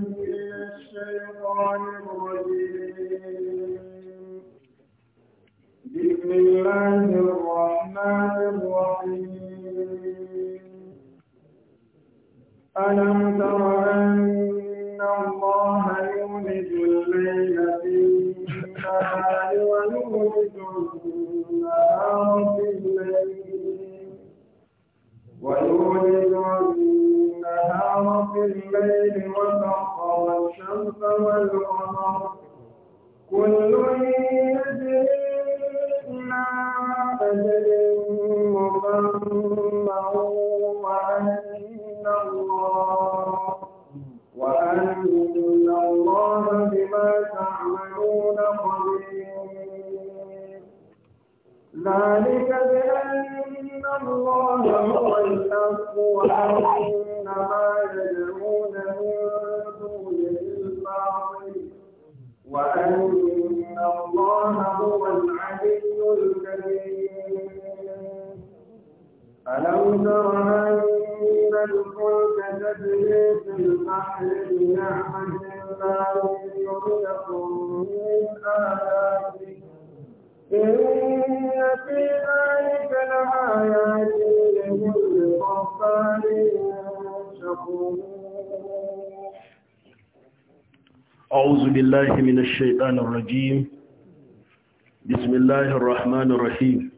الشيطان الرجيم بسم الله الرحمن الرحيم ألم تر أن الله يولد الليل في النهار ويولد النهار في الليل ويولد والقمر في الليل وسخر الشمس والقمر كل يجري إلى أجل مسمى وأن الله وأن الله بما تعملون خبير ذلك بأن الله هو الحق وأن ما يدعون من دونه الباطل وأن الله هو العلي الكريم ألم تر أن الفلك تجري في البحر بنعمة الله ليريكم من آياته إن في ذلك لآيات لكل صبار شكور أعوذ بالله من الشيطان الرجيم بسم الله الرحمن الرحيم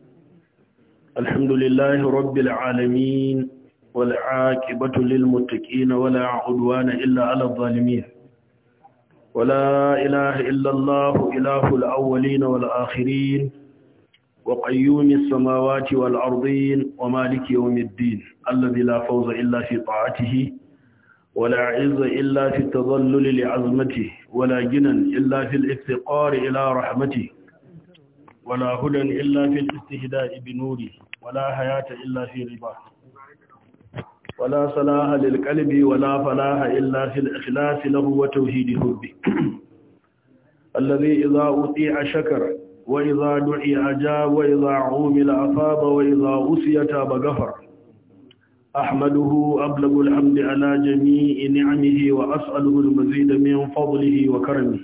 الحمد لله رب العالمين والعاقبة للمتقين ولا عدوان إلا على الظالمين ولا إله إلا الله إله الأولين والآخرين وقيوم السماوات والأرضين ومالك يوم الدين الذي لا فوز إلا في طاعته ولا عز إلا في التظلل لعظمته ولا جنا إلا في الافتقار إلى رحمته ولا هدى إلا في الاستهداء بنوره ولا حياة إلا في رباه ولا صلاح للقلب ولا فلاح إلا في الإخلاص له وتوحيد حبه الذي إذا أطيع شكر وإذا دعي أجاب وإذا عومل أفاب وإذا أسي تاب غفر أحمده أبلغ الحمد على جميع نعمه وأسأله المزيد من فضله وكرمه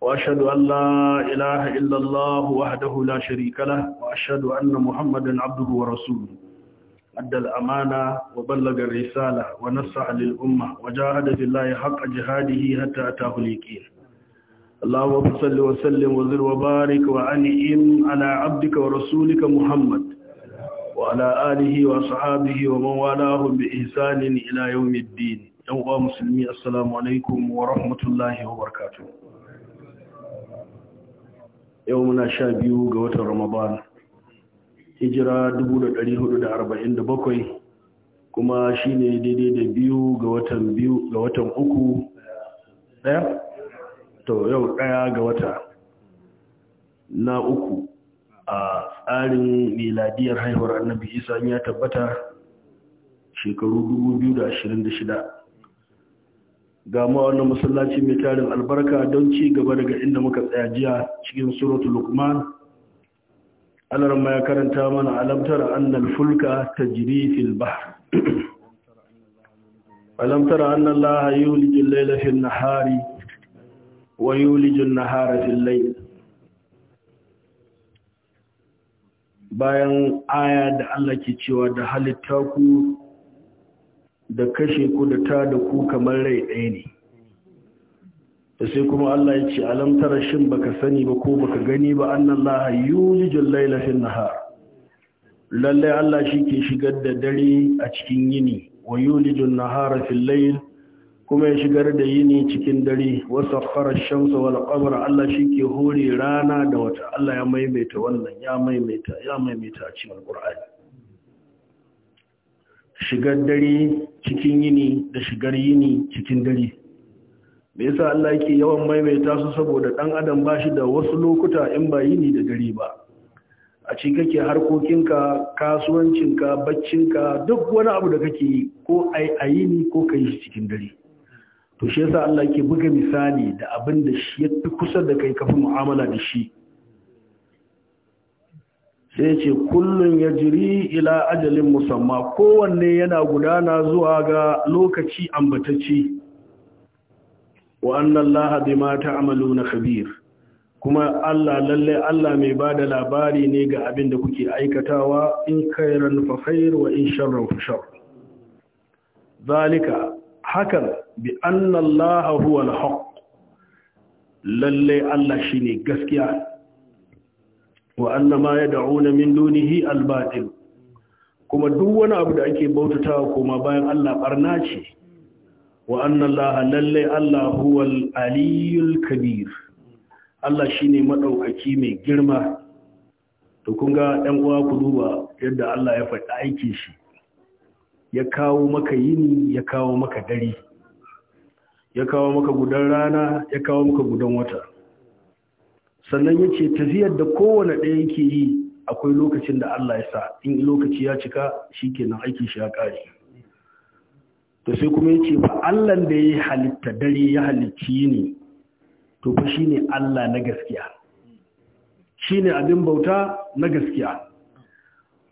وأشهد أن لا إله إلا الله وحده لا شريك له وأشهد أن محمدا عبده ورسوله أدى الأمانة وبلغ الرسالة ونصح للأمة وجاهد في الله حق جهاده حتى أتاه اليقين اللهم صل وسلم وزر وبارك وأنعم على عبدك ورسولك محمد وعلى آله وصحابه ومن والاهم بإحسان إلى يوم الدين يوم مسلمي السلام عليكم ورحمة الله وبركاته يومنا شابيو قوة رمضان hijira 1447 kuma shi ne daidai da biyu ga watan biyu ga watan uku ɗaya? to yau ɗaya ga wata na uku a tsarin miladiyar haihuwar annabi isa ya tabbata shekaru 2026 ga ma'aunin masallaci mai tarin albarka don ci gaba daga inda muka tsaya jiya cikin suratul lukman anar ma ya karanta mana alamtar annal fulka tajri fil bahr alamtar anna allaha yulijul layla fil nahari wa yulijul nahara fil lai. bayan aya da Allah ke cewa da halitta ku da kashe ku da ta da ku kamar rai ɗaya ne da sai kuma Allah ya ce alam tara shin baka sani ba ko baka gani ba Allah yulijul layla fil nahar lalle Allah shike shigar da dare a cikin yini wa yulijul nahara fil layl kuma ya shigar da yini cikin dare wa sakhara ash-shamsa wal qamara Allah shike hore rana da wata Allah ya maimaita wannan ya maimaita ya maimaita a cikin Qur'ani shigar dare cikin yini da shigar yini cikin dare me yasa Allah yake yawan maimaita su saboda dan adam shi da wasu lokuta in ba yini da dare ba a ci kake harkokinka kasuwancinka baccinka duk wani abu da kake yi ko ai ayini ko kai shi cikin dare to shi yasa Allah yake buga misali da abin da shi ya fi kusa da kai kafin mu'amala da shi sai ce kullun ya jiri ila ajalin musamma kowanne yana gudana zuwa ga lokaci ambatacce lahadi mata amalu na khabir kuma Allah lalle Allah mai bada labari ne ga abin da kuke aikatawa in kai fa khair wa in sharran fa zalika hakan bi annallaha huwa al-haq lalle Allah shine gaskiya wa ya dauna min dunihi al-batil kuma duk wani abu da ake bautatawa koma bayan Allah ɓarna ce wa annan lallai Allah huwal aliyul kabir Allah shine maɗaukaki mai girma to kun ga ɗan uwa ku duba yadda Allah ya faɗi aikin shi ya kawo maka yini ya kawo maka dare ya kawo maka gudan rana ya kawo maka gudan wata sannan ya ce tafiyar da kowane ɗaya yake yi akwai lokacin da Allah ya sa in lokaci ya cika shi kenan aikin shi ya ƙare to sai kuma yace fa Allah da ya halitta dare ya halicci ne to fa shine Allah na gaskiya shine abin bauta na gaskiya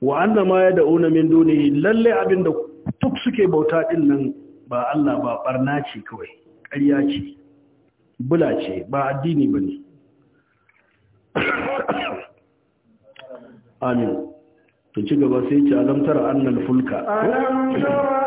wa anna ma dauna min dunihi lalle abin da duk suke bauta din nan ba Allah ba barna ce kawai ƙarya ce bula ce ba addini bane amin to ci gaba sai ce alamtar annal fulka alamtar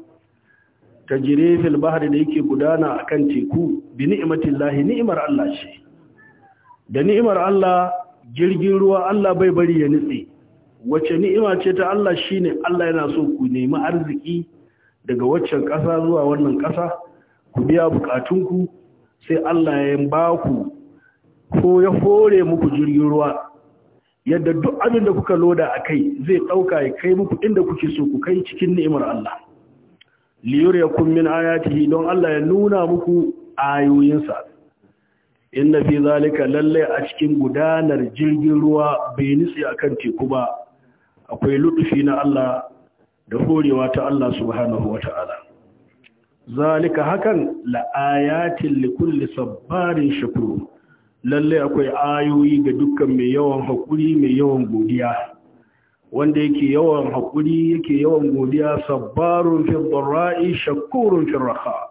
tajire fil bahri da yake gudana a kan teku bi lahi ni'imar Allah ce da ni'imar Allah jirgin ruwa Allah bai bari ya nitse wace ni'ima ce ta Allah shine Allah yana so ku nemi arziki daga waccan ƙasa zuwa wannan ƙasa ku biya bukatunku sai Allah ya ba ku ko ya hore muku jirgin ruwa yadda duk abin da kuka loda a kai zai ɗauka ya kai muku inda kuke so ku kai cikin ni'imar Allah liyuriyakum min ayatihi don Allah ya nuna muku ayoyinsa inna fi zalika lallai a cikin gudanar jirgin ruwa bai a akan teku ba akwai lutufi na Allah da horewa ta Allah subhanahu wata'ala zalika hakan la ayatin li sabbarin lalle akwai ayoyi ga dukkan mai yawan haƙuri mai yawan godiya wanda yake yawan haƙuri yake yawan godiya sabbarun fi dharra'i shakurun fi raha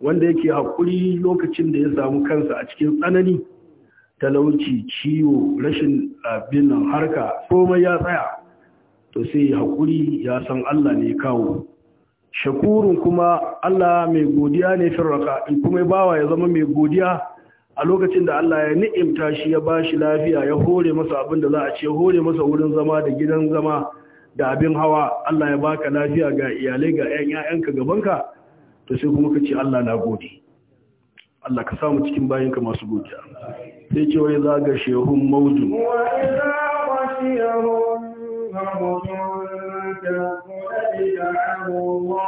wanda yake haƙuri lokacin da ya samu kansa a cikin tsanani talauci ciwo rashin abin harka komai ya tsaya to sai ya haƙuri ya san Allah ne kawo shakurun kuma Allah mai godiya ne fi raha in kuma bawa ya zama mai godiya a lokacin da Allah ya ni'imta shi ya ba shi lafiya ya hore masa abin da za a ce hore masa wurin zama da gidan zama da abin hawa Allah ya baka lafiya ga iyalai ga 'yan gabanka to sai kuma ka ce Allah na gode Allah ka samu cikin bayanka masu godiya sai ce wai za ga shehun mawjin wa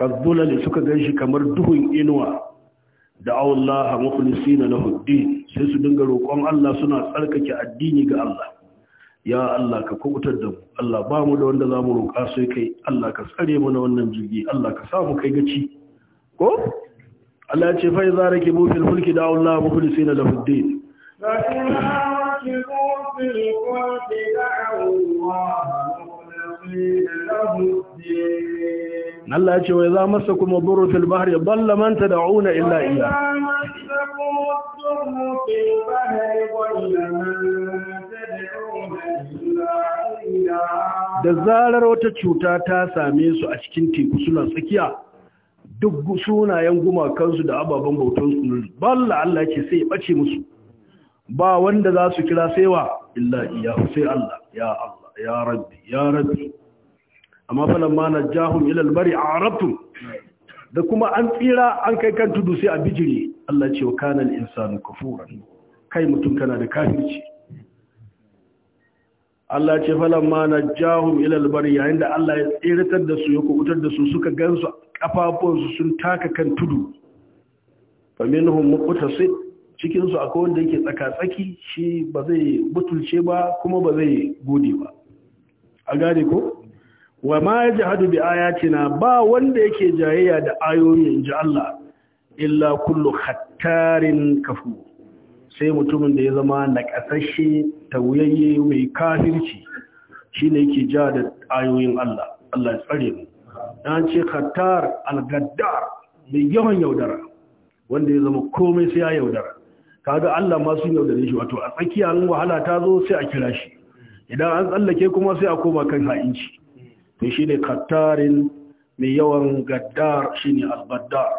ne suka gan shi kamar duhun inuwa da Allah mukhlisi na lahuddin sai su dinga roƙon Allah suna tsarkake addini ga Allah ya Allah ka kubutar da mu Allah ba mu da wanda za mu roƙa sai kai Allah ka tsare mu na wannan jirgi Allah ka sa mu kai gaci ko Allah ya ce fa iza raki mu fil fulki da Allah mukhlisi na lahuddin فإذا Allah ya ce wai za masa kuma buru fil bahri dalla man tad'una illa illa da zarar wata cuta ta same su a cikin teku suna tsakiya duk sunayen gumakansu da ababen su balla Allah ce sai ya bace musu ba wanda za su kira sai wa illa iyahu sai Allah ya Allah ya rabbi ya rabbi amma falan ma najahum ila albari a'rabtum da kuma an tsira an kai kan tudu sai a bijiri Allah ce wa kana al-insanu kafuran kai mutum kana da kafirci Allah ce falan ma najahum ila albari yayin da Allah ya tsiratar da su ya kubutar da su suka gansu kafafunsu sun taka kan tudu faminhum muqtasid cikin su akwai wanda yake tsaka-tsaki shi ba zai butulce ba kuma ba zai gode ba a gane ko wa ma yajhadu bi ayatina ba wanda yake jayayya da ayoyin ji Allah illa kullu khattarin kafu sai mutumin da ya zama nakasashe tauyayye mai kafirci shine yake ja da ayoyin Allah Allah ya tsare mu dan ce khattar al-gaddar mai yawan yaudara wanda ya zama komai sai ya yaudara kaga Allah ma sun yaudare shi wato a tsakiyar wahala ta zo sai a kira shi idan an tsallake kuma sai a koma kan ha'inci ne shi ne kattarin mai yawan gaddar shi ne albaddar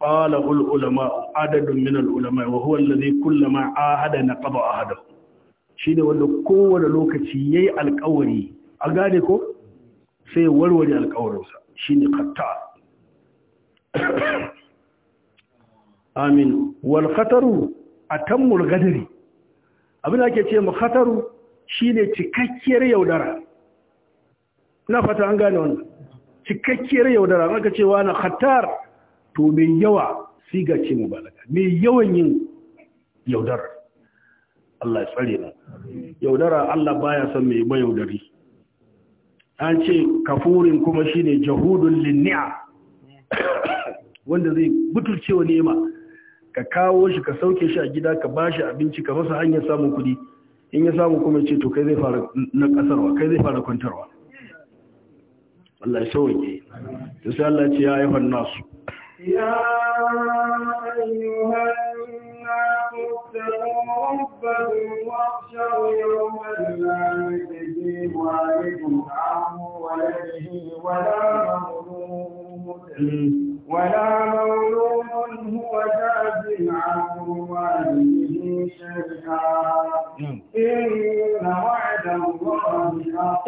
ƙwala ul'ulama adadin min al'ulama wa kulla ma kullama ahada na ƙaba ahada shi ne wanda kowane lokaci ya yi alƙawari a gane ko sai warware alƙawarinsa shi ne kattar amin wal khataru atammul gadari abin da ake ce mu khataru shine cikakkiyar yaudara Na fata an gane wannan cikakkiyar yaudara maka cewa na khatar to mai yawa siga ce mubalaga mai yawan yin yaudara Allah ya tsare mu yaudara Allah baya son mai mayaudari an ce kafurin kuma shine jahudun linni'a wanda zai butulce wa nema ka kawo shi ka sauke shi a gida ka bashi abinci ka masa hanyar samun kuɗi. in ya samu kuma ce to kai zai fara na kasarwa kai zai fara kwantarwa الله يسوي يا أيها الناس Allah ya sauke. Ta sai Allah ce ya aifan nasu. Ya ولا مولود ولا مولود هو جاز عن والده شرها إن وعد الله حق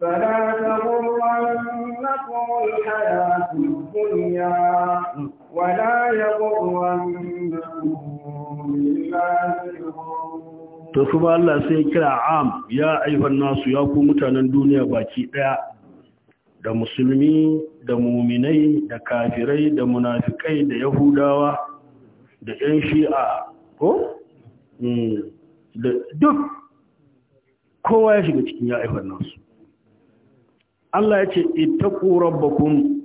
فلا تمتعوا الحياة الدنيا to kuma Allah sai kira am ya aifan nasu ya ku mutanen duniya baki daya da musulmi da muminai da kafirai da munafikai da yahudawa da yan shi'a ko hmm. duk kowa ya shiga cikin ya aifan nasu Allah ya ce ittaqu rabbakum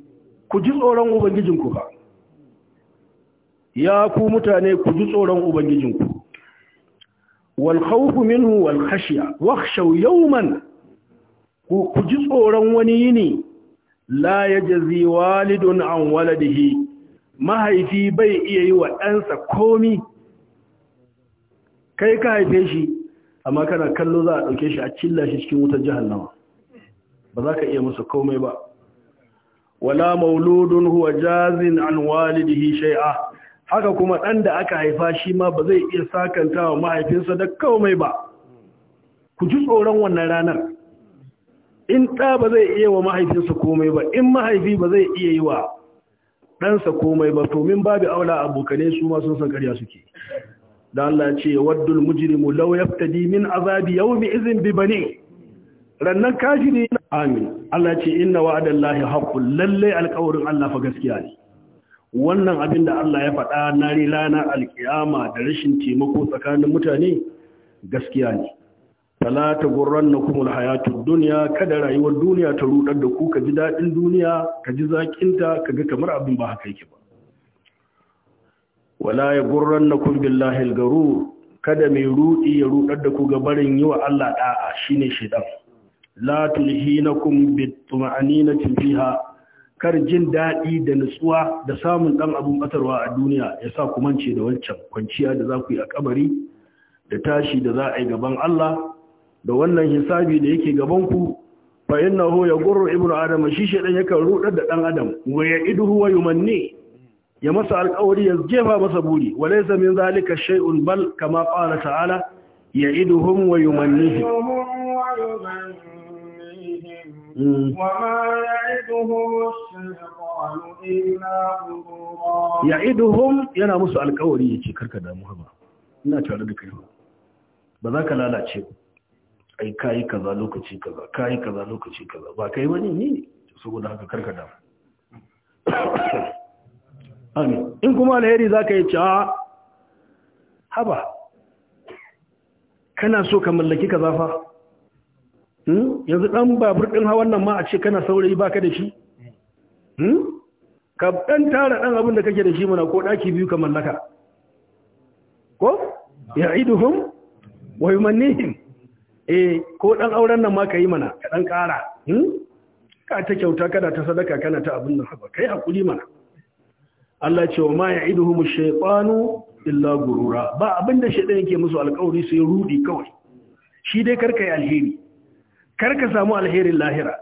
ku ji tsoron ubangijinku ba ya ku mutane ku ji tsoron ubangijinku wal khawfu minhu wal khashya wakhshaw yawman ku ji tsoron wani yini la yajzi walidun an waladihi mahaifi bai iya yi wa ɗansa komi kai ka haife shi amma kana kallo za a ɗauke shi a cilla shi cikin wutar jihar nawa ba za ka iya musu komai ba wala mauludun huwa jazin an walidihi shay'a haka kuma dan da aka haifa shi ma ba zai iya sakantawa mahaifinsa da komai ba ku ji tsoron wannan ranar in ɗa ba zai iya wa mahaifinsa komai ba in mahaifi ba zai iya yi wa ɗansa komai ba to min babu aula abokane su ma sun san ƙarya suke da Allah ce waddul mujrimu law yaftadi min azabi yawmi izin bi bani rannan kafiri amin Allah ce inna wa'adallahi haqqu lalle alƙawarin Allah fa gaskiya ne wannan abin da Allah ya faɗa na rana alkiyama da rashin taimako tsakanin mutane gaskiya ne talata gurran na kuma kada rayuwar duniya ta rudar da ku ka ji daɗin duniya ka ji ta ka ga kamar abin ba haka yake ba wala ya gurran na billahi kada mai rudi ya rudar da ku ga barin yi wa Allah da'a shine shaidan la tulhinakum bitma'aninati fiha kar jin daɗi da nutsuwa da samun ɗan abun batarwa a duniya ya sa ku mance da wancan kwanciya da za ku yi a kabari da tashi da za a yi gaban Allah da wannan hisabi da yake gaban ku fa innahu yaqurru ibnu adam shi shi dan yakan rudar da ɗan adam wa ya'iduhu wa yumanni ya masa alƙawari ya jefa masa buri wa laysa min zalika shay'un bal kama qala ta'ala ya'iduhum wa yumannihim Mm. وما يعدهم الشيطان إلا غرورا يعدهم ينا مسو القوري يجي كركا دامو هبا ina tare da kai ba za ka lalace ba ai kayi kaza lokaci kaza kayi kaza lokaci kaza ba kai wani ni ne saboda haka karka damu amin in kuma alheri za ka yi ci haba kana so ka mallaki kaza fa Hmm? yanzu ɗan babur ɗin hawan nan ma a ce kana saurayi baka da shi hmm? ka ɗan tara ɗan abin da kake da shi mana ko ɗaki biyu ka mallaka ko ya iduhum wa yumannihim e ko ɗan auren nan ma ka yi mana ka ɗan ƙara hmm? ka ta kyauta kana ta sadaka kana ta abin nan haka kai hakuri mana Allah ce wa ma ya ya'iduhum mu shaytanu illa gurura ba abin da ɗaya yake musu alƙawari sai rudi kawai shi dai yi alheri kar ka samu alherin lahira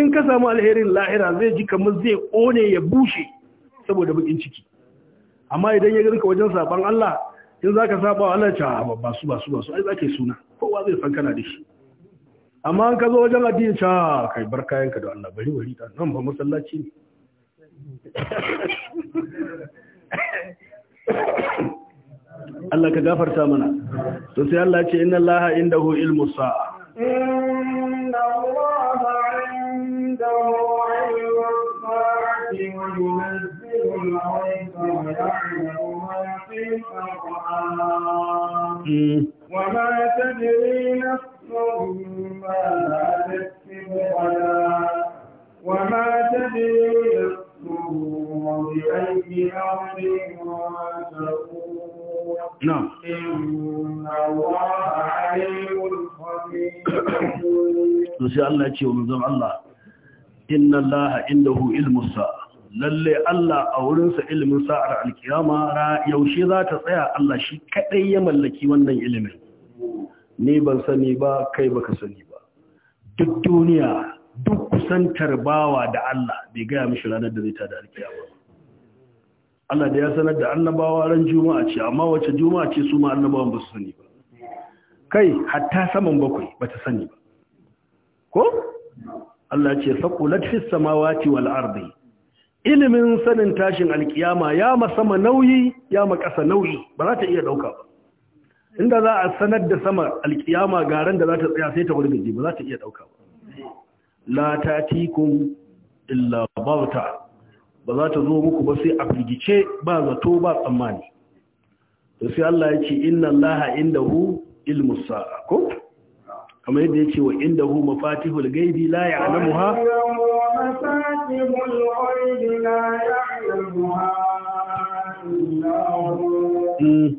in ka samu alherin lahira zai ji kamar zai kone ya bushe saboda bukin ciki amma idan ya garka wajen saban Allah in za ka saba Allah ce a ba su ba su ba su ai za ka yi suna kowa zai san kana da shi amma an ka zo wajen addini ce kai bar kayanka da Allah bari wari ta nan ba masallaci ne Allah ka gafarta mana to sai Allah ce inna Allah indahu ilmus sa'a إن الله عنده علم الساعة وينزل الغيث ويعلم ما في وما تدري نفس ماذا تكسب غدا وما تدري نفس بأي أرض تكون Allah ce Allah inna Allah indahu ilmu sa'a lalle Allah a wurinsa ilimin sa'ar alkiyama yaushe za ta tsaya Allah shi kaɗai ya mallaki wannan ilimin ni ban sani ba kai baka sani ba duk duniya duk kusantar bawa da Allah bai gaya mishi ranar da zai ta da alkiyama Allah da ya sanar da annabawa ran juma'a ce amma wace juma'a ce su ma annabawan ba su sani ba kai hatta saman bakwai ba ta sani ba ko Allah ce faqulat fis samawati wal ardi ilimin sanin tashin alkiyama ya ma sama nauyi ya ma kasa nauyi ba za ta iya dauka ba inda za a sanar da sama alkiyama garan da za ta tsaya sai ta wurgaje ba za ta iya dauka ba la tatikum illa bawta ba za ta zo muku ba sai a firgice ba zato ba tsammani to sai Allah ya ce inna allaha indahu ilmu sa'a ko kamar yadda ya ce wa inda hu mafatihul gaibi la ya'lamuha Mm.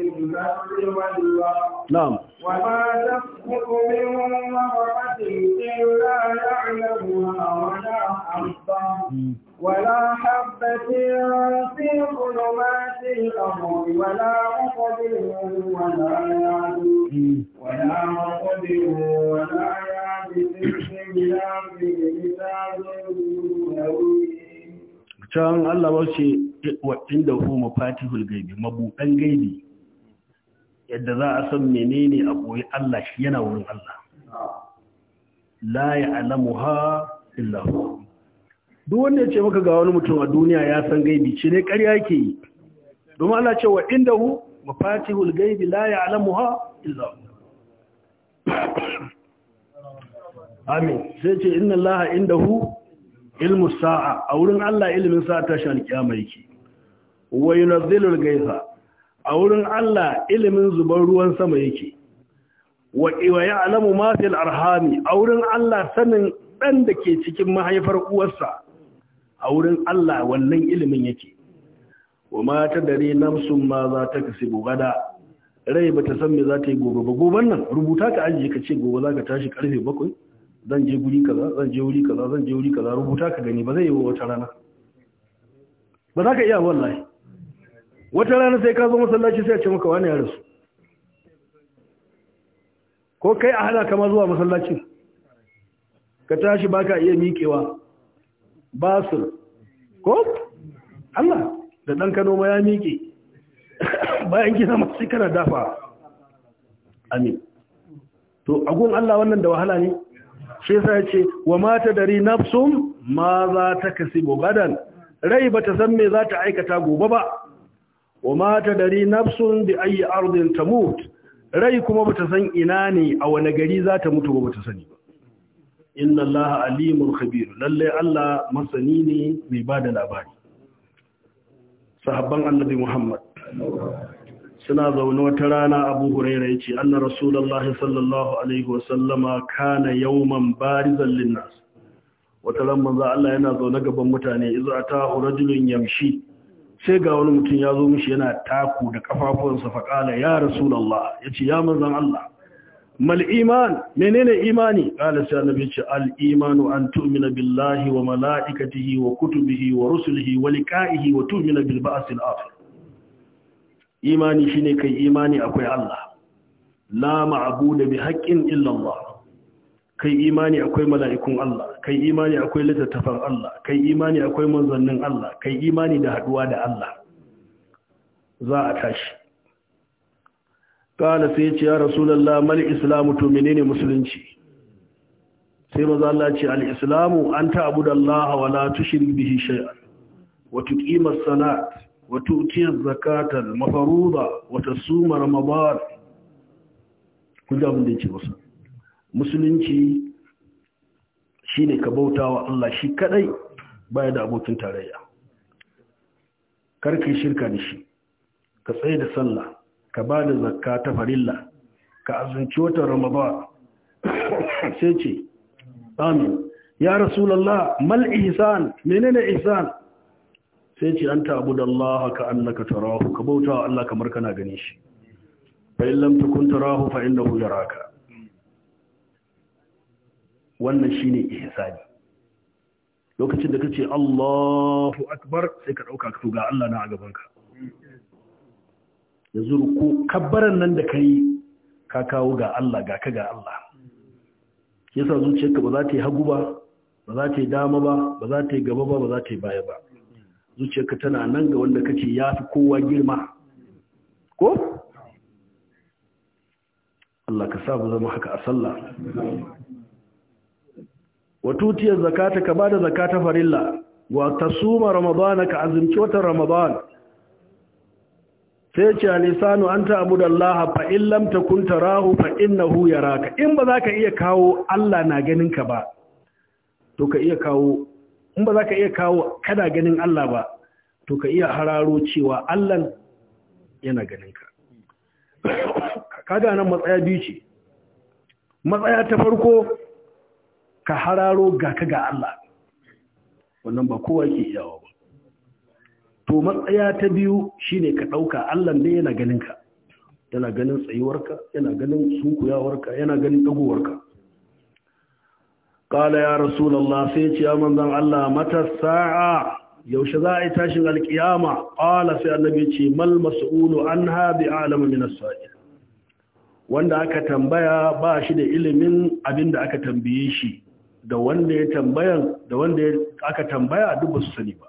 البر والبحر نعم وما تسقط من ورقة إلا يعلمها ولا حبة gaibi yadda za a san menene a koyi Allah shi yana wurin Allah la ha illa hu duk wanda ya ce maka ga wani mutum a duniya ya san gaibi shi ne ƙarya yake yi domin Allah ce wa indahu mafatihul gaibi la ha illa hu amin sai ce inna Allah indahu ilmu sa'a a wurin Allah ilimin sa'a tashin alƙiyama yake wa yunazzilu al a wurin Allah ilimin zuban ruwan sama yake wa ya'lamu ma fil arhami a wurin Allah sanin dan da ke cikin mahaifar uwarsa a wurin Allah wannan ilimin yake wa ma tadri nafsun ma za ta kasibu da. rai ba ta san me za ta yi gobe ba goben nan rubuta ka ajiye ka ce gobe za ka tashi karfe bakwai zan je guri kaza zan je wuri kaza zan je wuri kaza rubuta ka gani ba zai yi wa wata rana ba za ka iya wallahi wata rana sai ka zo masallaci sai a ce maka wani ya rasu ko kai a hana kama zuwa masallaci ka tashi baka iya miƙewa basir ko Allah da ɗan kano ma ya miƙe bayan gina masu kana dafa amin to agun Allah wannan da wahala ne shi yasa ya ce wa mata dari nafsum ma za ta kasibu gadan rai bata san me za ta aikata gobe ba wa ta dari nafsun bi ayi ardin tamut rai kuma bata san ina ne a wani gari za ta mutu ba bata sani ba inna Allah alimun khabir lalle Allah masani ne mai bada labari sahabban annabi Muhammad suna zaune wata rana Abu Hurairah yace anna rasulullahi sallallahu alaihi sallama, kana yawman barizan linnas wata ran manzo Allah yana zaune gaban mutane iza ta rajulun yamshi sai ga wani mutum ya zo mishi yana taku da kafafuwansa faƙala ya rasulallah ya ce ya manzan Allah mal iman menene imani ƙala sai annabi ce al an tu'mina billahi wa mala'ikatihi wa kutubihi wa rusulihi wa liqa'ihi wa tu'mina bil ba'th al imani shine kai imani akwai Allah la ma'budu bi haqqin illa Allah kai imani akwai mala'ikun Allah kai imani akwai littattafan Allah kai imani akwai manzannin Allah kai imani da haduwa da Allah za a tashi kala sai ce ya rasulullah mal islamu to menene musulunci sai maza Allah ce al islamu an ta'budu Allah wa la tushrik bihi shay'an wa tuqima as-salat wa tu'ti az-zakata al-mafruḍa wa tasuma ramadan kujamin da ce musulunci musulunci shi ne ka bautawa Allah shi kadai baya da abokin tarayya karki shirka da shi ka tsaye da sallah ka ba da zakka ta farilla ka azunci wata ramadan sai ce amin ya rasulullah mal ihsan menene ihsan sai ce an ta'budu Allah ka annaka tarahu ka bauta wa Allah kamar kana ganin shi fa in lam takun tarahu fa innahu yaraka wannan shi shine ihsani lokacin da kace Allahu akbar sai ka ɗauka ka ga Allah na a gaban ka yanzu ko kabbaran nan da kai ka kawo ga Allah ga ka ga Allah yasa zuciyarka ba za ta yi hagu ba ba za ta yi dama ba ba za ta yi gaba ba ba za ta yi baya ba zuciyarka tana nan ga wanda kace ya fi kowa girma ko Allah ka sa mu zama haka a sallah wa tutiyar zakata ka bada zakata farilla wa tasuma ramadana ka azumci watan ramadan sai ce alisanu an ta'budallaha fa in lam takun tarahu fa innahu yaraka in ba za ka iya kawo Allah na ganin ka ba to ka iya kawo in ba za ka iya kawo kada ganin Allah ba to ka iya hararo cewa Allah yana ganin ka kaga nan matsaya biyu ce matsaya ta farko ka hararo ga ka ga Allah wannan ba kowa ke iyawa ba to matsaya ta biyu shine ka ɗauka Allah ne yana ganin ka yana ganin tsayuwarka yana ganin sunkuyawarka yana ganin dagowarka qala ya rasulullah sai ce ya manzon Allah mata sa'a yaushe za a yi tashin alkiyama qala sai annabi ce mal mas'ulu anha bi a'lam min as-sa'il wanda aka tambaya ba shi da ilimin abin da aka tambaye shi da wanda ya tambayan da wanda aka tambaya duk ba su sani ba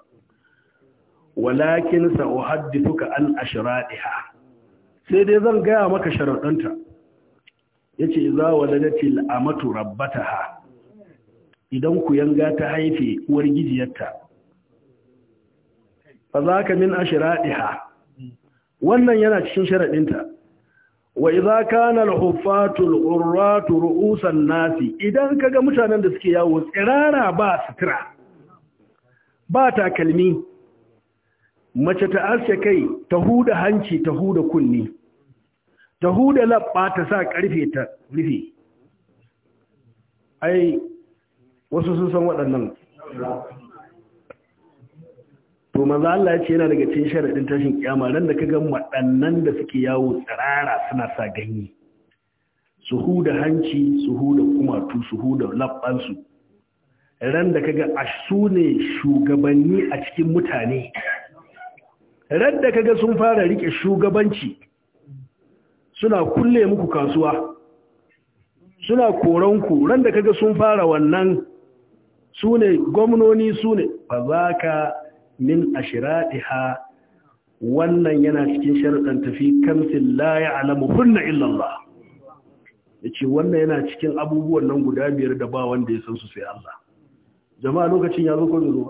walakin sa'uhaddithuka an ashradiha sai dai zan gaya maka sharadanta yace idza waladati al'amatu rabbataha idan ku yanga ta haife uwar gijiyarta fa zaka min ashradiha wannan yana cikin sharadinta wa idza kana al-huffatu al-urratu ru'usan nasi idan kaga mutanen da suke yawo tsirara ba sutura ba takalmi mace ta aske kai ta huda hanci ta huda kunni ta huda labba ta sa karfe ta rufe ai wasu sun san waɗannan to manzo Allah ya ce yana daga cikin sharadin tashin kiyama ran da kaga waɗannan da suke yawo tsirara suna sa ganye suhu da hanci suhu da kumatu suhu da labbansu, ran da kaga asu ne shugabanni a cikin mutane ran da kaga sun fara rike shugabanci suna kulle muku kasuwa suna koranku ran da kaga sun fara wannan su ne gwamnoni su ne ba za ka min ashiratiha wannan yana cikin sharuɗan tafi kamsin la ya'lamu hunna illa Allah yace wannan yana cikin abubuwan nan guda biyar da ba wanda ya san su sai Allah jama'a lokacin ya zo ko zo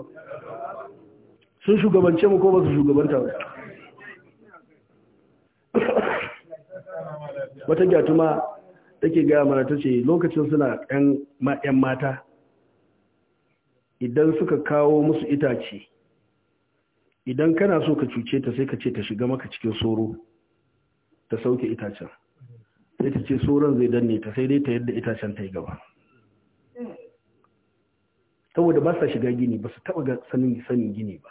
sun shugabance mu ko ba su shugabanta ba wata gyatuma take gaya mana ta ce lokacin suna ‘yan mata idan suka kawo musu itace idan kana so ka cuce ta sai ka ce ta shiga maka cikin soro ta sauke itacen sai ta ce soron zai danne ta sai dai ta yadda itacen ta yi gaba saboda ba sa shiga gini ba su taba sanin sanin gini ba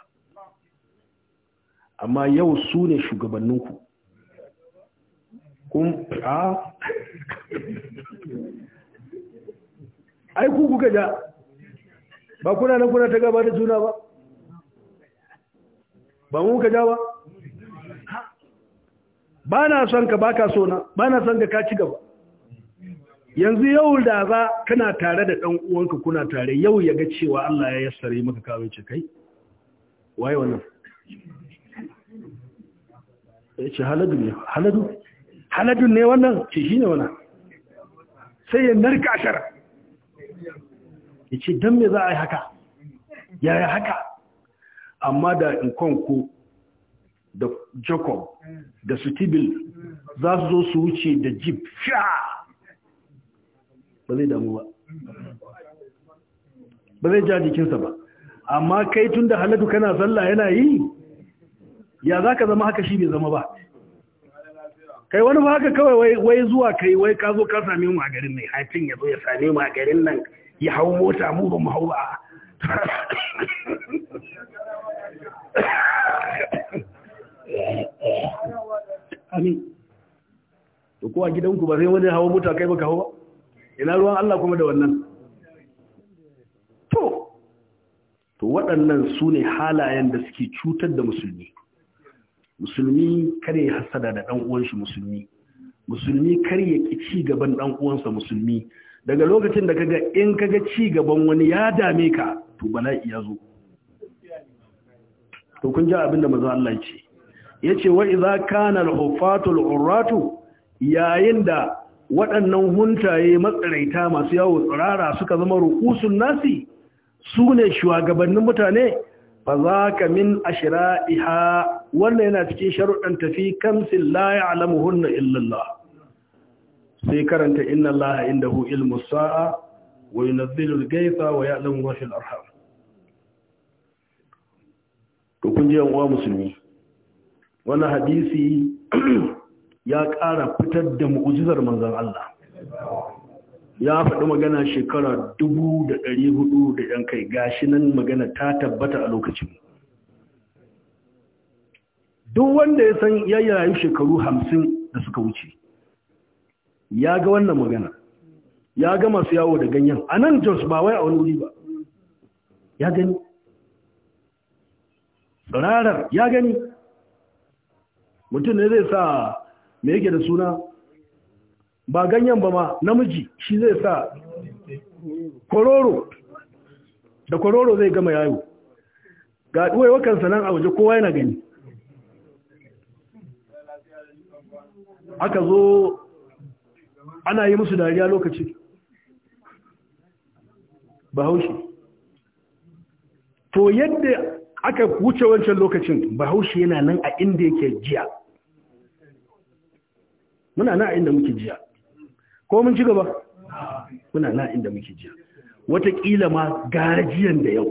amma yau su ne shugabanninku kun a ai ku kuka ja ba kuna nan kuna ta gaba da juna ba ba mu ka ja ba ba na son ka baka so na ba na son ka ka ci gaba yanzu yau da za kana tare da ɗan uwanka kuna tare yau ya ga cewa Allah ya yassare maka kawai ce kai waye wannan ya ce haladu ne haladu haladu ne wannan ce shi ne wannan sai ya narka shara ya ce don me za a yi haka yaya haka amma da Nkonko da Jacob da Sutibil za su zo su wuce da jib sha ba zai damu ba ba zai ja jikinsa ba amma kai tun da halittu kana sallah yana yi ya za ka zama haka shi bai zama ba kai wani ba haka kawai wai zuwa kai wai ka zo ka sami magarin mai haifin ya zo ya sami magarin nan ya hau mota mu ba mu hau ba amin to ko a gidanku ba sai wani hawa mota kai baka hawa ina ruwan Allah kuma da wannan to to waɗannan su ne halayen da suke cutar da musulmi musulmi kare hasada da ɗan uwan shi musulmi musulmi kar ya ki ci gaban dan uwansa musulmi daga lokacin da kaga in kaga ci gaban wani ya dame ka to bala'i ya zo to kun ji abin da manzo Allah ya ce yace wa idza kana al-huffatul yayin da waɗannan huntaye matsaraita masu yawo tsirara suka zama rukusun nasi su ne shugabannin mutane Ba za ka min ashira'iha wannan yana cikin sharuɗan tafi kamsin la ya'lamuhunna illallah sai karanta inna allaha indahu ilmu sa'a wa yunazzilu al-ghaytha wa ya'lamu ma fil arham to kun ji yan uwa musulmi wani hadisi ya ƙara fitar da mu'ujizar manzan Allah ya faɗi magana shekara dubu da ɗari hudu da ɗan kai gashi nan magana ta tabbata a lokacin duk wanda ya san ya rayu shekaru hamsin da suka wuce ya ga wannan magana ya ga masu yawo da ganyen a nan jos ba wai a wani wuri ba ya gani tsirarar ya gani mutum ne zai sa me yake da suna ba ganyen ba ma namiji shi zai sa kororo da kororo zai gama yayo ga duwai wakansa nan a waje kowa yana gani aka zo ana yi musu dariya lokaci bahaushe to yadda aka wuce wancan lokacin bahaushe yana nan a inda yake jiya muna na inda muke jiya ko mun ci gaba muna na inda muke jiya watakila ma gajiyan da yau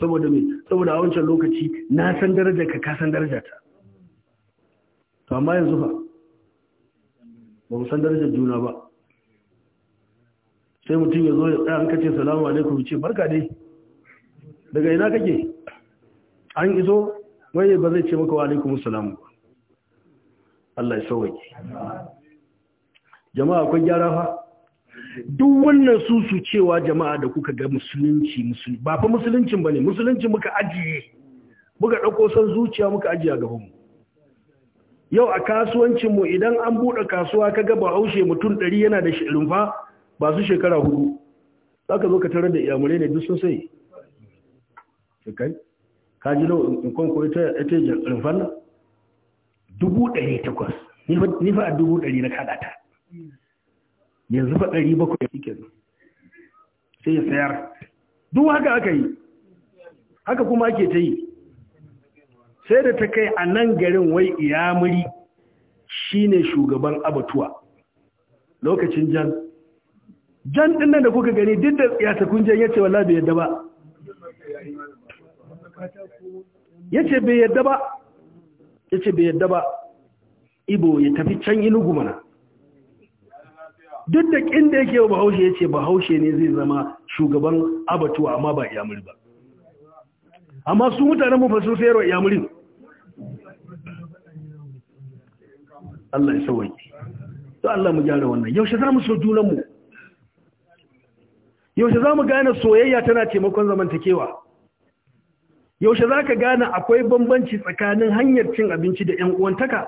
saboda me saboda a wancan lokaci na san daraja ka ka san darajar ta to amma yanzu fa ba mu san darajar juna ba sai mutum ya zo ya tsaya an kace salamu alaikum ce barka dai daga ina kake an iso waye ba zai ce maka wa alaikum salamu ba Allah ya sauwake jama'a akwai gyara fa duk wannan su su cewa jama'a da kuka ga musulunci musulmi. ba fa musuluncin bane musulunci muka ajiye muka dauko san zuciya muka ajiye ga mu yau a kasuwancin mu idan an bude kasuwa kaga ba haushe mutum 100 yana da shirin fa ba su shekara hudu zaka zo ka tarar da iyamure ne duk sun sai kai ka ji lau in kwankwa ita ita rumfan nan dubu ɗari takwas ni fa a dubu ɗari na kaɗa ta yanzu fa ɗari bakwai suke sai ya sayar duk haka aka yi haka kuma ake ta yi sai da ta kai a nan garin wai iyamuri ne shugaban abatuwa lokacin jan jan ɗin nan da kuka gani duk da ya kun jan ya ce bai yadda ba ya ce bai yadda ba ya ce bai yadda ba ibo ya tafi can inugu mana duk da ƙin da yake bahaushe ya ce bahaushe ne zai zama shugaban abatuwa amma ba iyamuri ba amma su mutanen mu fasu sayarwa iyamurin Allah ya sauwai to Allah mu gyara wannan yaushe za mu so junanmu yaushe za mu gane soyayya tana taimakon zamantakewa yaushe za ka gane akwai bambanci tsakanin hanyar cin abinci da ‘yan uwantaka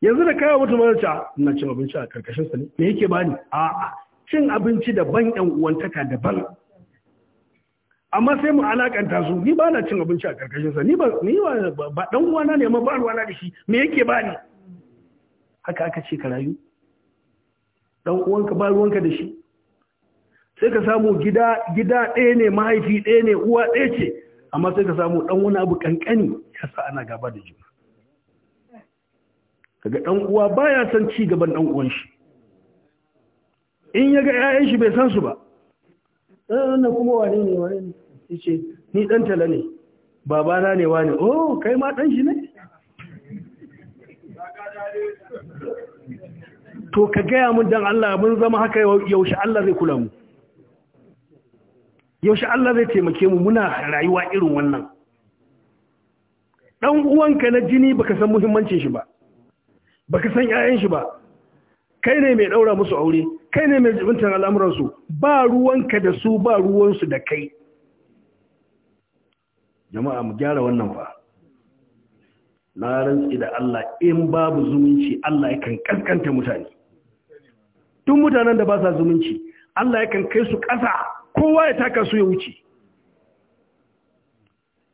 yanzu da kawo wata mararca na cin abinci a sa ne me yake bani a cin abinci daban ‘yan uwantaka ban amma sai mu alakanta su ni ba na cin abinci a sa ni ba ɗan uwana ne amma ba ruwana da shi me yake bani haka aka ce ka rayu ɗan uwanka ba ruwanka da shi sai ka samu gida gida ɗaya ne mahaifi ɗaya ne uwa ɗaya ce amma sai ka samu ɗan wani abu ƙanƙani ya sa ana gaba da juna kaga ɗan uwa baya son ci gaban ɗan uwan shi in ya ga 'ya'yan shi bai san su ba ɗan eh, kuma wane ne wane ne ya ce ni ɗan tala ne babana ne wane oh kai ma ɗan shi ne to ka gaya mun dan Allah mun zama haka yaushe Allah zai kula mu yaushe Allah zai taimake mu muna rayuwa irin wannan dan uwanka na jini baka san muhimmancin shi ba baka san 'ya'yan shi ba kai ne mai daura musu aure kai ne mai al'amuran al'amuransu ba ruwanka da su ba ruwan su da kai jama'a mu gyara wannan fa na rantsi da Allah in babu zumunci Allah yakan kaskanta mutane duk mutanen da ba sa zumunci Allah yakan kai su ƙasa kowa ya taka su ya wuce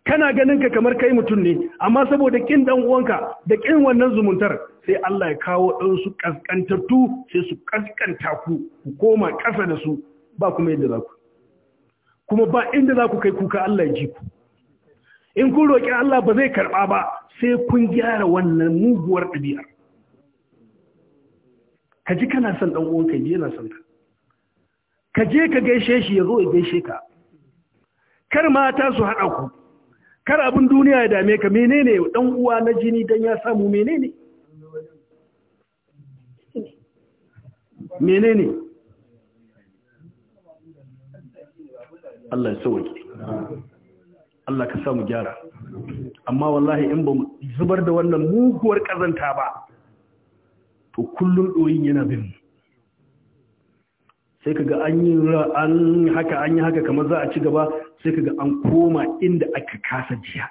kana ganin ka kamar kai mutum ne amma saboda kin dan uwanka da kin wannan zumuntar sai Allah ya kawo dan su kaskantattu sai su kaskanta ku ku koma kasa da su ba kuma yadda za ku kuma ba inda za ku kai kuka Allah ya ji ku in kun roƙi Allah ba zai karɓa ba sai kun gyara wannan muguwar ɗabi'ar ka ji kana son ɗan uwanka ji yana son ka ka je ka gaishe shi ya zo ya gaishe ka kar mata su haɗa ku kar abin duniya ya dame ka menene ɗan uwa na jini don ya samu menene menene Allah ya sauwa Allah ka samu gyara amma wallahi in ba zubar da wannan muguwar ƙazanta ba to kullum ɗoyin yana bin sai kaga an yi haka an yi haka kamar za a ci gaba sai kaga an koma inda aka kasa jiya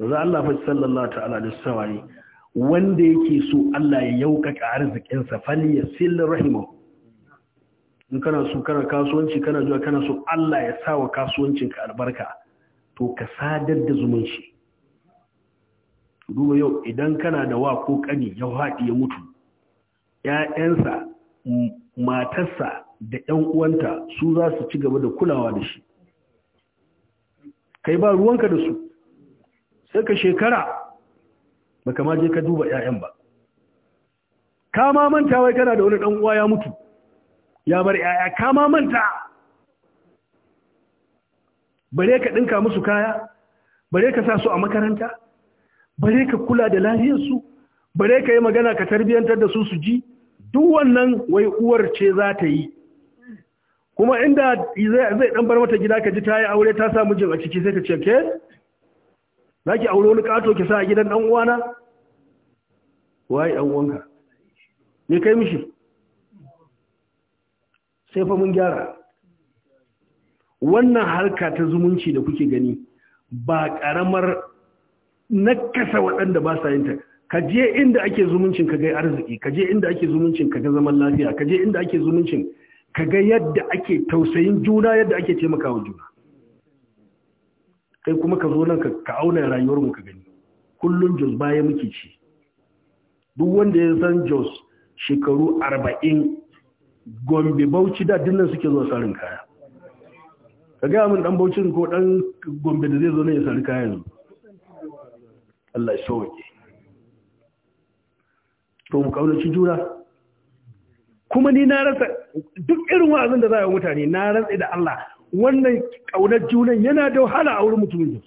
maza Allah fa sallallahu ta'ala da sawari wanda yake so Allah ya yaukaka arzikin sa fali yasil rahimu in kana so kana kasuwanci kana zuwa kana so Allah ya sawa kasuwancin ka albarka to ka sadar da zumunci duba yau idan kana da wa ko kani ya haɗi ya mutu ‘ya'yansa matarsa da ‘yan uwanta su za su ci gaba da kulawa da shi kai ba ruwanka da su sai ka shekara ba kama je ka duba ‘ya'yan ba ka ma manta wai kana da wani ɗan uwa ya mutu ya bar ‘ya'ya ka ma manta bare ka ɗinka musu kaya bare ka sa su a makaranta bare ka kula da lafiyarsu bare ka yi magana ka tarbiyyantar da su su ji duk wannan wai uwar ce za ta yi kuma inda zai dan bar mata gida ka ji ta yi aure ta samu jin a ciki sai ta ce ke za ki aure wani kato ki sa a gidan dan uwana waye dan uwanka me kai mishi sai fa mun gyara wannan harka ta zumunci da kuke gani ba karamar nakasa waɗanda ba sa yin ta ka je inda ake zumuncin ka ga arziki ka je inda ake zumuncin ka ga zaman lafiya ka je inda ake zumuncin ka ga yadda ake tausayin juna yadda ake taimakawa juna kai kuma ka zo nan ka auna rayuwar mu ka gani kullun jos baya muke ci duk wanda ya san jos shekaru arba'in gombe bauchi da dinnan suke zuwa sarin kaya ka gaya min dan Bauchi ko dan gombe da zai zo nan ya sarin kaya yanzu Allah ya sauke to mu kaunaci juna kuma ni na rasa duk irin wa'azin da za a yi mutane na rasa da Allah wannan kaunar junan yana da wahala a wurin mutumin da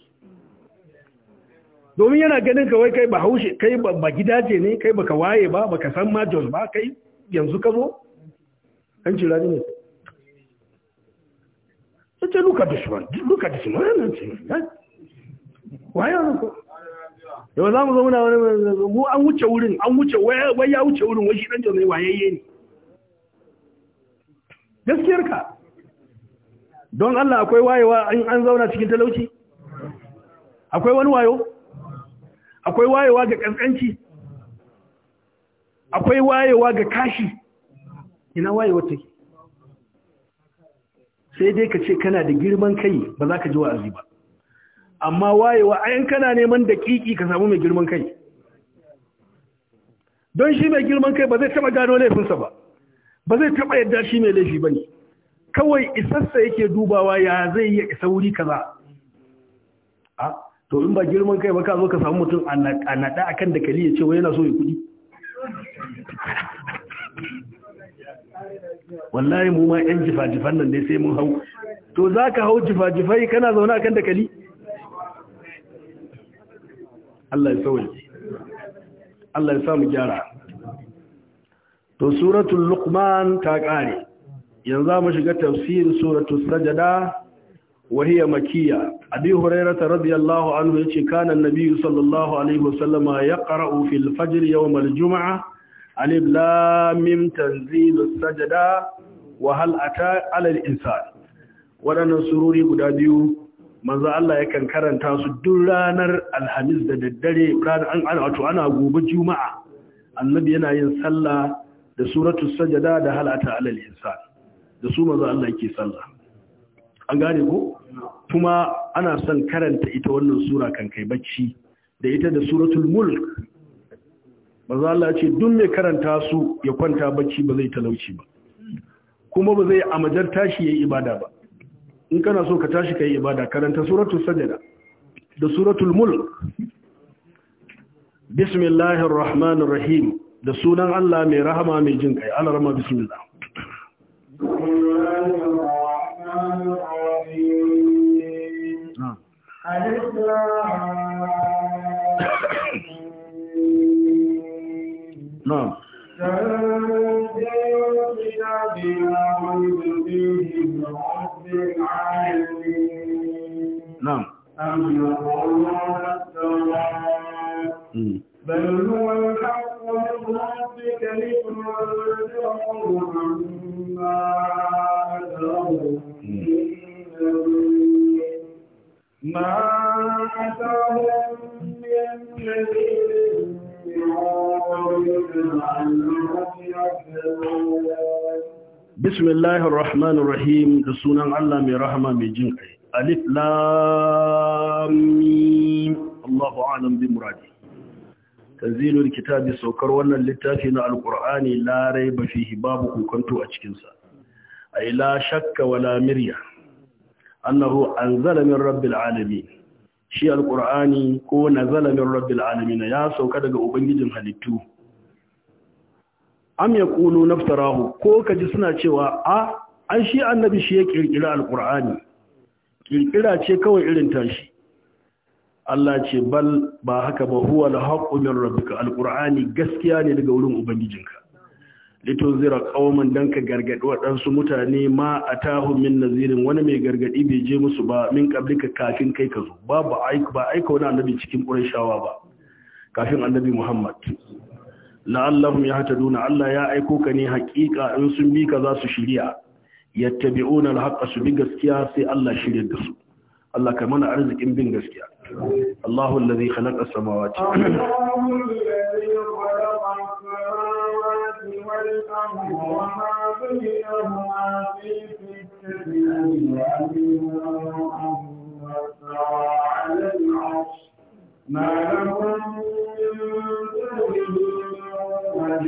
domin yana ganin kawai kai ba haushe kai ba gidaje ne kai baka waye ba baka san ma jos ba kai yanzu ka zo an ci rani ne sai luka dushman luka dushman nan ce waye ne ko yau za mu zauna wani mu an wuce wurin an wuce wai ya wuce wurin wai shi dan jami'ai wayayye ne gaskiyar ka don Allah akwai wayewa in an zauna cikin talauci akwai wani wayo akwai wayewa ga kaskanci akwai wayewa ga kashi ina wayewa take sai dai ka ce kana da girman kai ba za ka ji wa'azi ba amma wayewa ayan kana neman daƙiƙi ka samu mai girman kai don shi mai girman kai ba zai taɓa gano laifinsa ba ba zai taɓa yadda shi mai laifi ba ne kawai isassa yake dubawa ya zai yi isa wuri kaza a to in ba girman kai ba ka zo ka samu mutum a naɗa akan da kali ya ce wai yana so ya kudi wallahi mu ma 'yan jifa-jifan nan dai sai mun hau to za ka hau jifa-jifai kana zaune akan dakali Allah ya sauke Allah ya samu gyara to suratul luqman ta kare yanzu mu shiga tafsir suratul sajada wa hiya makiyya abi hurairah radiyallahu anhu yace kana annabi sallallahu alaihi wasallama yaqra'u fil fajr yawm al jum'ah alif lam mim tanzilus sajada wa hal ata ala al insan wadannan surori guda biyu manzo Allah yakan karanta su duk ranar alhamis da daddare ranar an wato ana gobe juma'a annabi yana yin sallah da suratu sajada da halata alal insan da su manzo Allah yake sallah an gane ko kuma ana son karanta ita wannan sura kan kai bacci da ita da suratul mulk manzo Allah ya ce duk mai karanta su ya kwanta bacci ba zai talauci ba kuma ba zai amajar tashi yayin ibada ba in kana so ka tashi ka yi ibada karanta suratul sajada da suratul mulk bismillahir rahmanir rahim da sunan Allah mai rahama mai jin kai Allah rahma bismillah Na'am. sunan Allah mai rahama mai jin kai alif lamim Allahu a'lam bi muradi tanzilul kitabi saukar wannan littafi na alqur'ani la raiba fihi babu kukantu a cikin sa ay la shakka wala mirya annahu anzala min rabbil alamin shi alqur'ani ko nazala min rabbil alamin ya sauka daga ubangijin halittu am yaqulu naftarahu ko kaji suna cewa a an shi annabi shi ya kirkira alkur'ani kirkira ce kawai irin tashi Allah ce bal ba haka ba huwa haqqu min rabbika alkur'ani gaskiya ne daga wurin ubangijinka zira qauman dan ka gargadi waɗansu mutane ma atahu min nazirin wani mai gargadi bai je musu ba min qablika kafin kai ka zo babu aika ba aika wani annabi cikin qurayshawa ba kafin annabi Muhammad la'allahum yahtaduna Allah ya aiko ka ne haƙiƙa in sun bi ka za su shiriya يتبعون الحق سبين غسكيا سي الله شريد دسو الله كمان أرزك إن بين غسكيا الله الذي خلق السماوات الله الذي خلق السماوات والأرض وما بينهما في ستة أيام على العرش ما لهم ولا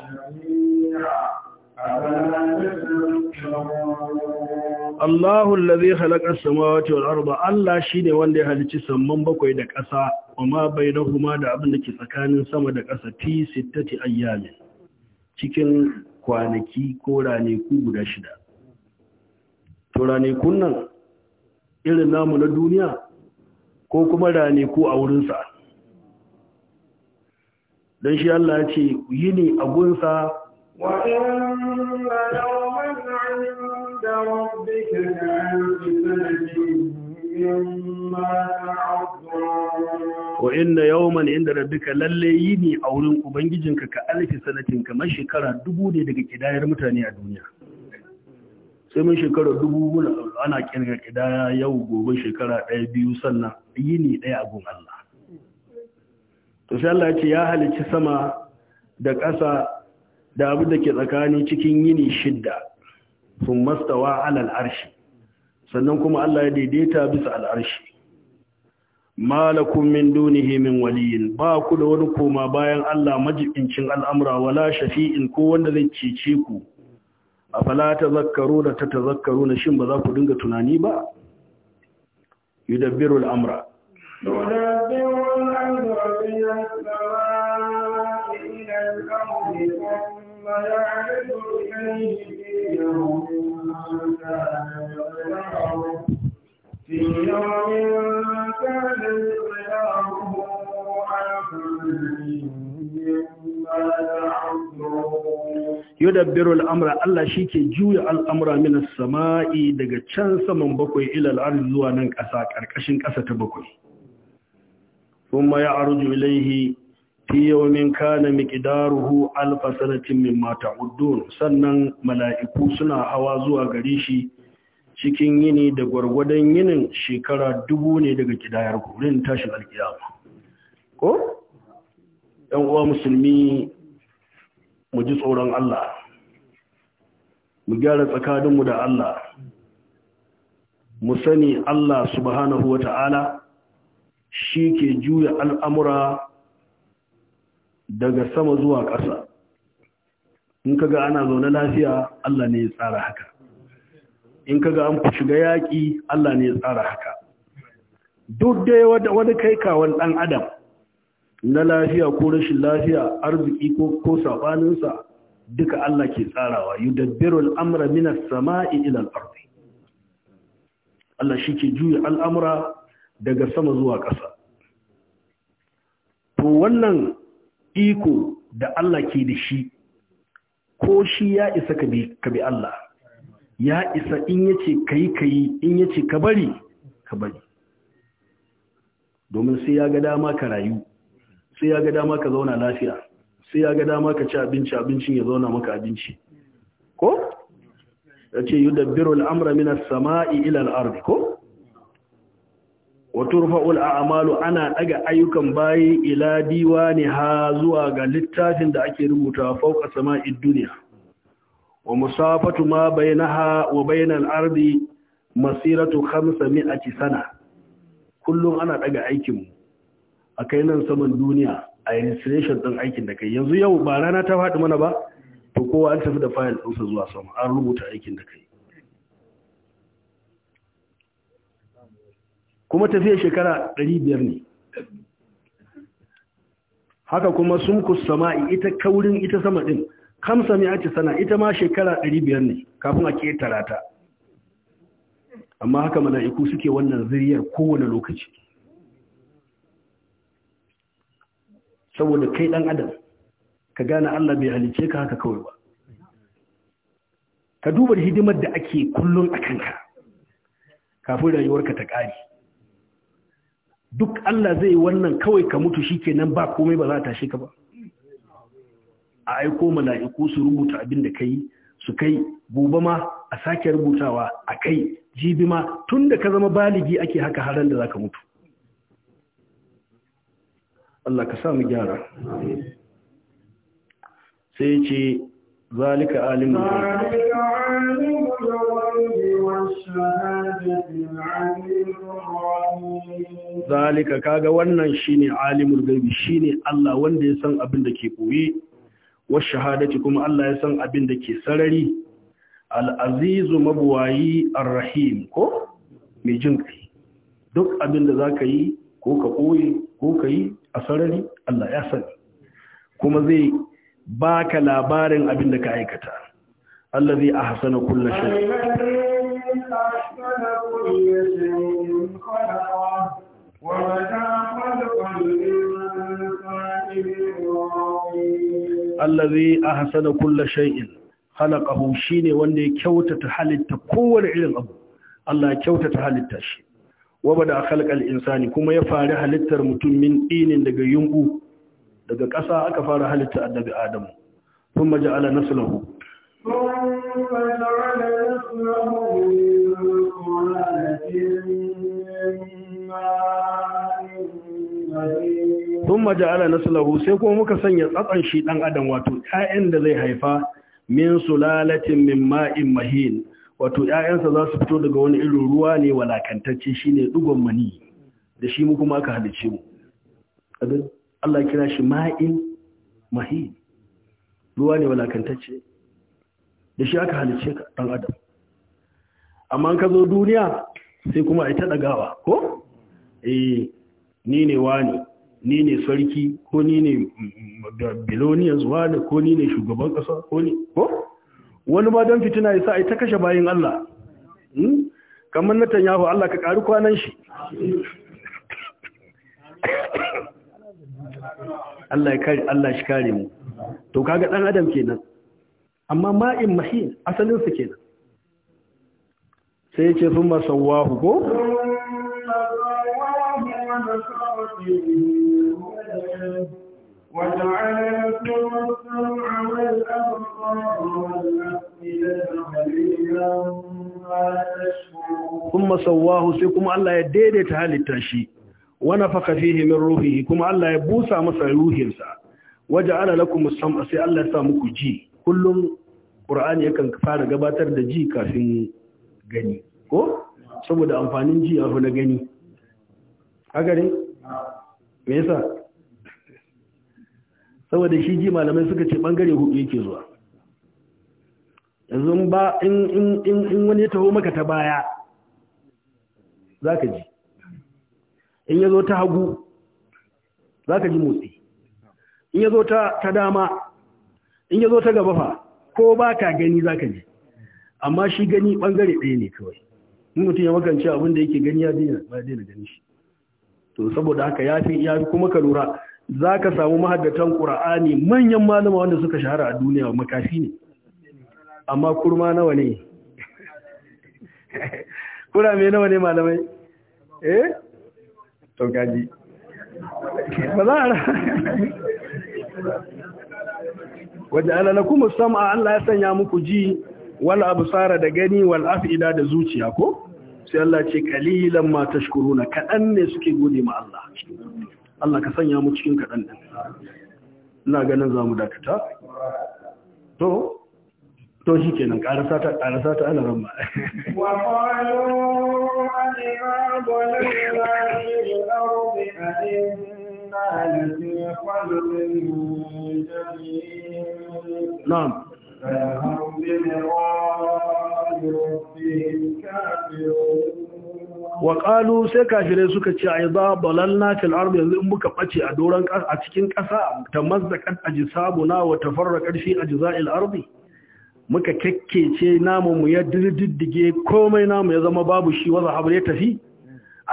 شفيع Allahu allazi khalaqa as-samawati wal arda Allah shine wanda ya halici samman bakwai da ƙasa kuma bainahuma da abin da ke tsakanin sama da ƙasa fi sittati ayyamin cikin kwanaki ko ranaku guda shida to ranakun nan irin namu na duniya ko kuma ranaku a wurinsa don shi Allah ya ce yini a gunsa وإن يوما عند ربك كألف سنة مما تعدون وإن يوما عند ربك لليني أولن أبنججنك كألف سنة كما شكرا دبوني دقي كدائر متاني الدنيا sai mun shekara dubu muna ana kirga kidaya yau gobe shekara ɗaya biyu sannan yini ɗaya a gun Allah to sai ya halarci sama da ƙasa da abin da ke tsakanin cikin yini shidda sun mastawa alal arshi sannan kuma Allah ya daidaita bisa al'arshi malakun min dunihi min waliyin ba ku da wani koma bayan Allah majibincin al'amura wala shafi'in ko wanda zai cece ku a fala ta zakaru da ta ta zakaru na shin ba za ku dinga tunani ba Yi biru al'amura Thank you. فيعرض إليه في yudabbiru al'amura Allah shi ke juya al'amura mina sama'i daga can saman bakwai ilal arzi zuwa nan ƙasa ƙarƙashin ƙasa ta bakwai. Kuma ya arju ilaihi fi yawmin kana miqdaruhu alfa sanatin mimma sannan mala'iku suna hawa zuwa gare shi cikin yini da gwargwadon yinin shekara dubu ne daga kidayar gurin tashin alkiyama ko ɗan uwa musulmi mu ji tsoron Allah mu gyara tsakaninmu da Allah mu sani Allah subhanahu ta'ala shi ke juya al'amura daga sama zuwa ƙasa in kaga ana zaune lafiya Allah ne ya tsara haka in kaga an shiga yaƙi Allah ne ya tsara haka duk dai wani kai kawon ɗan adam na lafiya ko rashin lafiya arziki ko ko sabaninsa duka Allah ke tsarawa yudabbiru al'amra minas sama'i ila al-ardi Allah shi ke juya al'amura daga sama zuwa ƙasa to wannan iko da Allah ke da shi ko shi ya isa ka bi Allah ya isa in yace kai kai in yace ka bari ka bari domin sai ya ga dama ka rayu sai ya ga dama ka zauna lafiya sai ya ga dama ka ci abinci abincin ya zauna maka abinci ko yace yudabbirul amra minas samai ila al-ardi ko وترفعul a'malu ana daga ayyukan bayi ila ha zuwa ga littafin da ake rubuta fauka sama'id duniya, wa musafatu ma bainaha wa bainal ardi masiratu 500 sana kullum ana daga aikin a kai nan saman duniya a illustration din aikin da kai yanzu yau ba rana ta faɗi mana ba to kowa an tafi da fayil ɗinsa zuwa sama an rubuta aikin da kai kuma tafiya shekara 500 ne haka kuma sumkus sama'i ita kaurin ita sama din kamsa mai ake sana ita ma shekara 500 ne kafin a ke tarata. amma haka mala'iku suke wannan ziriyar kowane lokaci saboda kai dan adam ka gane Allah bai halice ka haka kawai ba ka duba hidimar da ake kullum a kanka kafin rayuwarka ta ƙari duk Allah zai wannan kawai ka mutu shi shikenan ba komai ba za ta shi ka ba a aiko mala'iku su rubuta abin da kai su kai gobe ma a sake rubutawa a kai jibi ma tun da ka zama baligi ake haka haran da za ka mutu Allah ka samu gyara sai ce ذلك عالم ذلك wannan shine alimul gaibi shine Allah wanda ya san abin da ke koyi wa shahadati kuma Allah ya san abin da ke sarari al-azizu mabwayi ar-rahim ko mai jin kai duk abin da zaka yi ko ka koyi ko ka yi a sarari Allah ya sani kuma zai baka labarin abin da ka aikata allazi ahsana kullu shay allazi ahsana kullu shay'in khalaqahu shine wanda ya kyautata halitta kowane irin abu Allah ya kyautata halitta shi wabada khalqal insani kuma ya fari halittar mutum min dinin daga yunku daga ƙasa aka fara halitta annabi Adam ثم جعل نسله ثم جعل نسله sai kuma muka sanya tsatsan shi dan adam wato ƴaƴan da zai haifa min sulalatin min ma'in mahin wato ƴaƴansa za su fito daga wani irin ruwa ne walakantacce shine dugon mani da shi mu kuma aka halice mu Allah kira shi ma'in mahi ruwa ne walakantacce da shi aka halice ka ɗan adam amma ka zo duniya sai kuma a yi ta ko? eh ni ne wani ni ne sarki ko ni ne biloniyas wani ko ni ne shugaban ƙasa ko ni ko? wani ba don fitina ya sa a yi ta kashe bayan Allah hmm? kamar na tanyahu Allah ka ƙari kwanan shi Allah ya kare Allah shi kare mu to kaga dan adam kenan amma ma'in mahin asalin su kenan sai ce sun masawahu ko وجعل لكم sai kuma Allah ya ما تشكرون ثم سواه سيكم الله wana faka fihi min ruhihi kuma Allah ya busa masa ruhinsa waje ala lakum sam'a sai Allah ya sa muku ji kullum Qur'ani yakan fara gabatar da ji kafin gani ko saboda amfanin ji abu na gani haka ne me yasa saboda shi ji malamai suka ce bangare hudu yake zuwa yanzu ba in in in wani ya taho maka ta baya zaka ji in ya zo ta hagu za ka ji motsi in ya zo ta dama in ya zo ta gaba fa ko ba ka gani za ka ji amma shi gani bangare ɗaya ne kawai in mutum ya makance abin da yake gani ya daina gani shi to saboda haka ya fi ya kuma ka lura za ka samu mahaddatan ƙura'ani manyan malama wanda suka shahara a duniya makafi ne amma kurma nawa ne kurame nawa ne malamai eh to ba za a waje sam'a Allah ya sanya muku ji wal absara da gani wal af'ida da zuciya ko sai Allah ce kalilan ma tashkuruna kadan ne suke gode ma Allah Allah ka sanya mu cikin kadan din ina ganin zamu dakata to to shi kenan karasa ta karasa ta ana ramma wa qalu alima balagna fil ardi inna lafi khalqin jadid na'am wa ƙalu sai kafirai suka ce a yi za balalna fil arbi yanzu in muka ɓace a doron a cikin ƙasa ta mazda kan aji sabu na wata farra ƙarfi a jiza'il arbi muka kekkece namu mu ya diddige komai namu ya zama babu shi wa zahabu ya tafi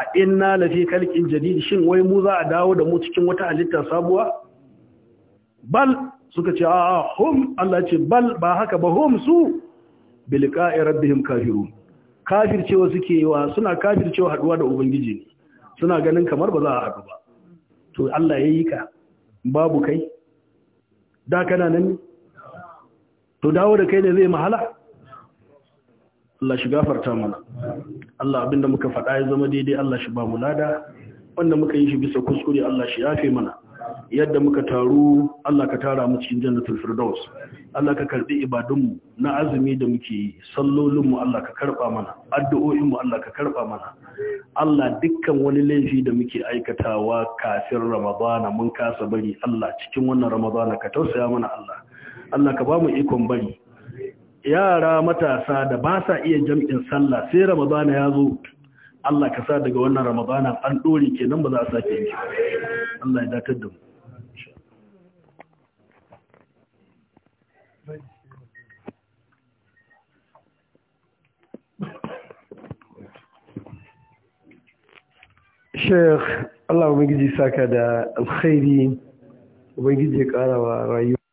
a inna lafi kalkin jadid shin wai mu za a dawo da mu cikin wata halitta sabuwa bal suka ce a hum Allah ce bal ba haka ba hum su qa'i rabbihim kafirun cewa suke yi wa suna cewa haduwa da ubangiji suna ganin kamar ba za a haɗu ba to Allah ya ka babu kai da kana nan ne to dawo da kai ne zai mahala Allah shi gafarta mana Allah abinda muka faɗa ya zama daidai Allah shi ba mu lada wanda muka yi shi bisa kuskure Allah shi yafe mana yadda muka taru Allah ka tara mu cikin jannatul firdaus Allah ka karbi mu na azumi da muke yi sallolinmu Allah ka karba mana addu'o'inmu Allah ka karba mana Allah dukkan wani laifi da muke aikatawa kafin Ramadana mun kasa bari Allah cikin wannan Ramadana ka tausaya mana Allah Allah ka ba mu ikon bari yara matasa da ba sa iya jam'in sallah sai ramadana ya zo Allah ka sa daga wannan ramadana an dore kenan ba za a sake yi Allah ya dakatar da mu Sheikh Allah ubangiji saka da alkhairi ubangiji ya kara wa rayuwa